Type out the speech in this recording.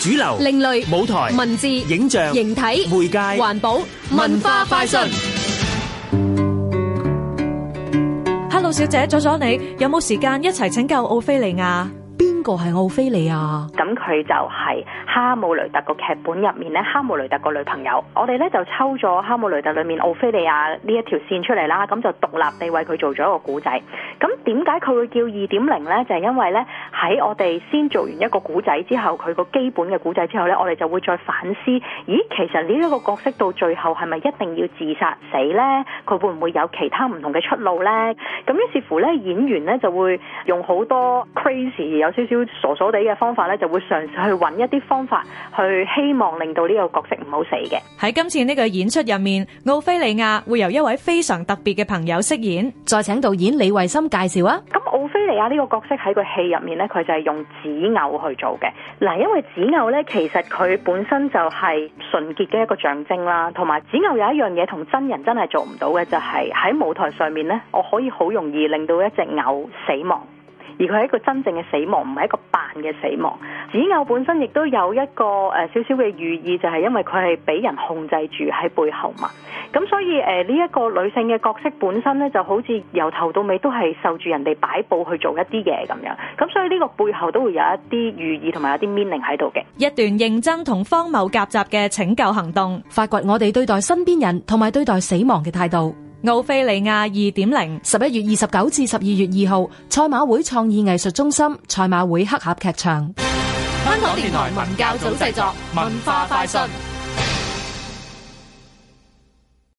主流、另類、舞台、文字、影像、形體、媒介、環保、文化快訊。Hello，小姐，阻咗你有冇時間一齊拯救奧菲利亞？個係奧菲利亞，咁佢就係哈姆雷特個劇本入面咧，哈姆雷特個女朋友，我哋咧就抽咗哈姆雷特裏面奧菲利亞呢一條線出嚟啦，咁就獨立地為佢做咗一個古仔。咁點解佢會叫二點零呢？就係因為呢，喺我哋先做完一個古仔之後，佢個基本嘅古仔之後呢，我哋就會再反思，咦，其實呢一個角色到最後係咪一定要自殺死呢？佢會唔會有其他唔同嘅出路呢？咁於是乎呢，演員呢就會用好多 crazy 有少。要傻傻哋嘅方法咧，就會嘗試去揾一啲方法，去希望令到呢個角色唔好死嘅。喺今次呢個演出入面，奧菲利亞會由一位非常特別嘅朋友飾演。再請導演李慧心介紹啊。咁奧菲利亞呢個角色喺個戲入面咧，佢就係用紙偶去做嘅。嗱，因為紙偶咧，其實佢本身就係純潔嘅一個象徵啦，同埋紙偶有一樣嘢同真人真係做唔到嘅，就係、是、喺舞台上面咧，我可以好容易令到一隻偶死亡。而佢係一個真正嘅死亡，唔係一個扮嘅死亡。子偶本身亦都有一個誒少少嘅寓意，就係因為佢係俾人控制住喺背後嘛。咁所以誒呢一個女性嘅角色本身咧，就好似由頭到尾都係受住人哋擺佈去做一啲嘢咁樣。咁所以呢個背後都會有一啲寓意同埋有啲 meaning 喺度嘅。一段認真同荒謬夾雜嘅拯救行動，發掘我哋對待身邊人同埋對待死亡嘅態度。奧菲利亞二點零，十一月二十九至十二月二號，賽馬會創意藝術中心，賽馬會黑盒劇場。香港電台文，文教組製作，文化快訊。